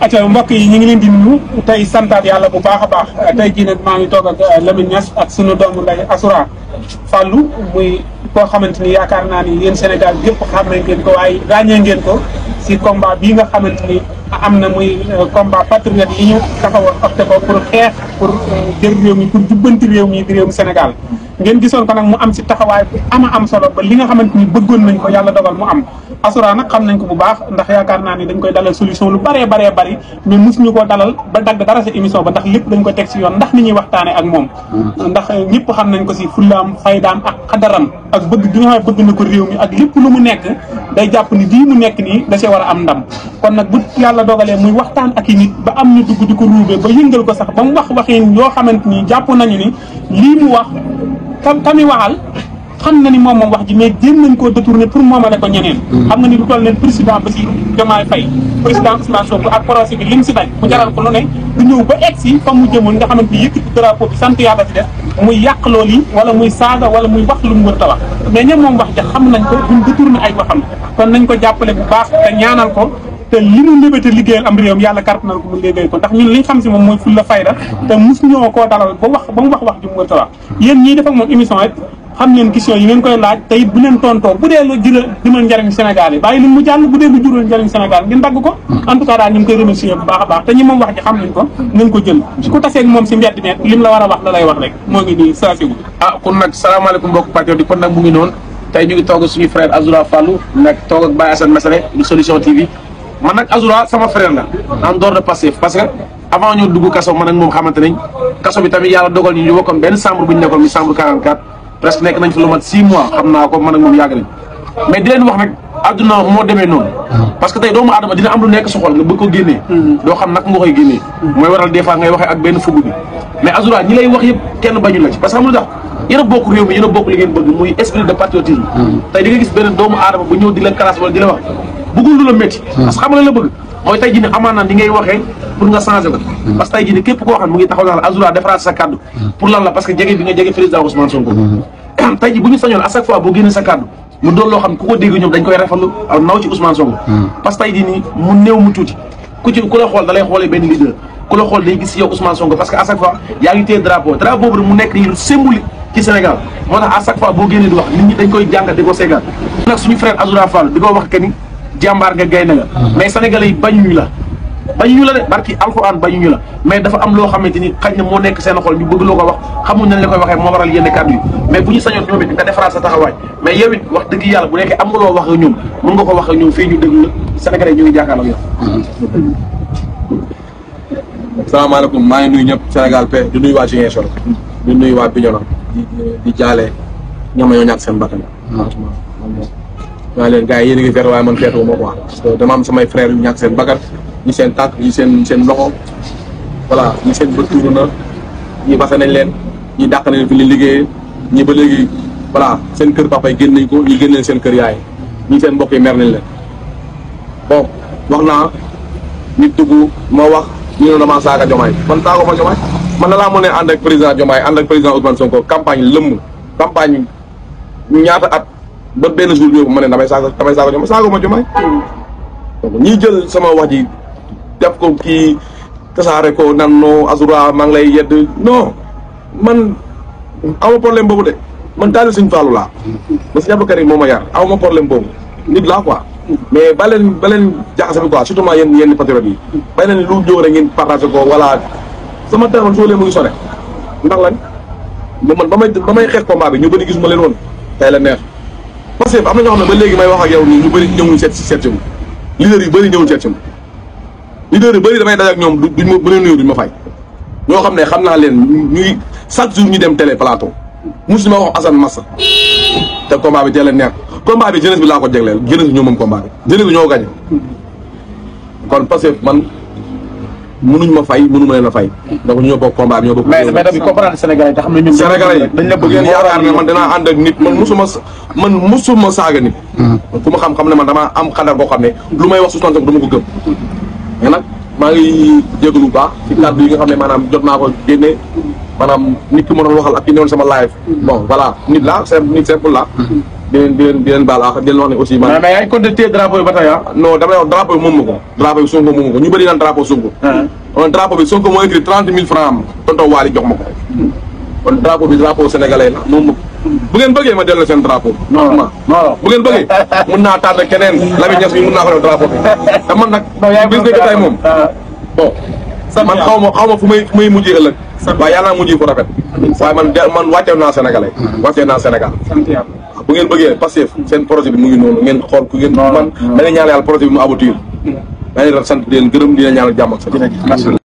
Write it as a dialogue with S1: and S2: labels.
S1: acca mbokk yi ñu ngi leen di nuyu tey santaat yàlla bu baax a baax tey jii nag maa ngi toog ak eh, Lamine Niass ak sunu doomu nday assura Fallou muy koo xamante ni yaakaar naa ni yéen Sénégal yëpp xam nañ ngeen ko waaye ràññee ngeen ko si combat bi nga xamante ni am na muy eh, combat patriote yi ñu taxawoon opté ko pour xeex pour eh, jël réew mi pour jubbanti réew mi di réew mi Sénégal ngeen gisoon ko nag mu am ci taxawaay bu am solo li nga xamante ni bëggoon nañ ko yàlla dogal mu am asura nag xam nañ ko bu baax ndax yaakaar naa ni dañ koy dalal solution lu baree baree bari mais mosuñu ko dalal ba dara sa émission ba ndax lépp dañ ko teg ci yoon ndax ni ñuy waxtaane ak moom ndax ñëpp xam nañ ko ci fullaam faydaam ak xadaram ak bëgg gi nga xam ne bëgg na ko réew mi ak lépp lu mu nekk day jàpp ni di mu nekk nii da see war a am ndam kon nag bu yàlla dogalee muy waxtaan ak i nit ba am ñu dugg di ko ruubee ba yëngal ko sax ba mu wax waxee yoo xamante ni jàpp nañu ni lii mu wax tam tami waxal xam na ni moom moom wax ji mais jéem nañ koo détourné pour moomale ko ñeneen. Mm-hmm. xam na ni lu toll ne président ba si Diomaye Faye président Ousmane Sonko ak procès bi lim si daj mu jaral ko lu ne du ñëw ba egg si fa mu jëmoon nga xamante ni yëkkati drapeau bi sant yàlla si def muy yàq loolu yi wala muy saaga wala muy wax lu mu wër ta wax mais ñoom moom wax ja xam nañ ko duñ détourné ay waxam kon nañ ko jàppale bu baax te ñaanal ko te li mu mébéte liggéeyal am réewam yàlla kart na ko mu liggéey ko ndax si moom mooy fulla fayda te mos ñoo koo dalal ba wax mu a wax yéen ko en tout ngi koy a baax te ñi wax ji a moo ngi nii saa sigu ah kon nag salaamaaleykum mbokk patriote yi kon nag
S2: Solution TV man nag Azoura sama frère la en dehors de Pastef parce que avant ñoo dugg kaso man ak moom xamante nañ kaso bi tamit yàlla dogal ñu ñu benn chambre bu ñu nekkoon mi chambre 44 presque nekk nañ fa lu mat 6 mois xam naa ko man ak moom yàgg nañ mais di leen wax nag adduna moo demee noonu parce que tey doomu adama dina am lu nekk sa nga bëgg ko génnee doo xam naka nga koy génnee mooy waral des fois ngay waxee ak benn fugu bi mais a a bokk li ngeen bëgg muy esprit de patriotisme tey di nga gis bëggul lu la métti parce que xam nga la bëgg mooy tey ngay waxee pour nga changer ko parce que tey jii képp koo xam mu ngi taxaw naan la Azoura defaraat sa kàddu pour lan la parce jege bi nga jege président Ousmane Sonko ko dégg ñoom nii mu néew mu tuuti ku ci ku la xool da lay xoolee benn leader ku la xool day gis yow Ousmane Sonko ko Sénégal nag suñu di ko wax que jàmbaar nga gaynde nga mhm. mais sénégalais yi bañuñu la bañuñu la de barki alxuraan bañuñu la mais dafa am loo xamante ni xañ na moo nekk seen xool ñu bëgg loo ko wax xamuñ nañ la koy waxee moo waral yenn kàddu yi mais bu ñu sañoon wax dëgg yàlla bu nekkee am nga loo wax ak ñoom mën nga ko wax ak ñoom fii ñu déglu la sénégalais ñu ngi jàkkaarloo yow
S1: mhm.
S2: salaamaaleykum maa ngi nuyu ñëpp Sénégal pe di nuyu waa Ziguinchor di nuyu waa Bignona di jaale ñoom ñoo ñàkk seen bakkan mhm. maa leen gars yi yéen a ngi feet waaye man feetu ma quoi dama samay frères yu ñàkk seen bakkan ñi seen tànk ñi seen seen loxo voilà ñi seen bët tuuru na ñi base nañ leen ñi dàq nañ fi ñu liggéeyee ñi ba seen kër papa yi nañ ko ñi génn seen kër yaay seen mbokk yi mer nañ leen bon wax naa nit dugg ma wax ñu ne dama saaga Diomaye man saago ma Diomaye man na laa mën a ànd ak président Diomaye ànd ak président Ousmane Sonko campagne lëmm campagne ñaata at ba benn jour boobu ma ne damay saaga damay saaga Diomaye saaga ma Diomaye donc jël sama wax ji def ko kii tasaare ko nan noo Azoura maa lay yedd non man aw ma problème boobu de man taalibe Sëñ Faalu laa man Sëñ Abdou Karim moo a yar aw ma problème boobu nit laa quoi mais ba leen ba leen jaxase bi quoi yenn yenn patriotes yi ba leen lu ñëw rek ngeen partagé ko wala sama téléphone soo leen mu ngi sone ndax lan man ba may ba may xeex combat bi ñu gis ma leen woon tey la neex Pastef am na ñoo xam ne ba léegi may wax ak yow nii ñu bëri ñëwuñ seet si ma leader yu bëri ñëwuñ seet si ma leader yu bëri damay daj ak ñoom duñ ma bu leen nuyoo duñ ma fay ñoo xam ne xam naa leen ñuy chaque jour ñu dem télé plateau musu ma wax Assane Massa te combat bi teel a neex combat bi jeunesse bi laa ko jegleel jeunesse bi ñoom moom combat bi jeunesse bi ñoo gañe kon Pastef man mënuñ ma fay mënu ma leen a fay ndax ñoo bokk combat bi ñoo bokk mais mais dañuy comprendre sénégalais
S1: te xam ne ñun sénégalais dañ la bëgg yaakaar ne man dinaa ànd ak nit man musuma
S2: man musuma saaga nit hmm. ku ma xam-xam ne man damaa am xadar boo xam ne lu may wax Ousmane Sonko dama ko gëm mais nag maa ngi jégalu bu baax ci kàddu yi nga xam ne maanaam jot naa ko génne maanaam nit ki ma a waxal ak ki newoon sama live bon voilà nit la c'est nit simple la di leen di leen di leen baal ak di leen wax ne aussi. man mais mais yaa ngi yi ba tey ah. damay wax drapeau moom ma ko. drapeau bi moom ma ñu bëri naan drapeau Sonko. Ah. bi Sonko moo écrit trente mille francs am. tonton jox ma ko. kon drapeau bi drapeau sénégalais moom ma ko. bu ngeen bëggee ma delloo seen drapeau. non non bu ngeen bëggee mun naa tànn keneen Lamine bi mun naa def drapeau bi. te man nag. non yaa ngi moom ah. man xaw ma xaw ma fu may fu may mujjee ëllëg. waaye yàlla naa mujjee ko rafet. waaye man man wàcce naa sénégalais. Ah. wàcce naa Sénégal. bu ngeen bëggee Pastef seen projet
S1: bi mu ngi noonu xool ku ngeen man da nga ñaan yàlla projet bi mu aboutir mm. gërëm di leen ñaanal jàmm ak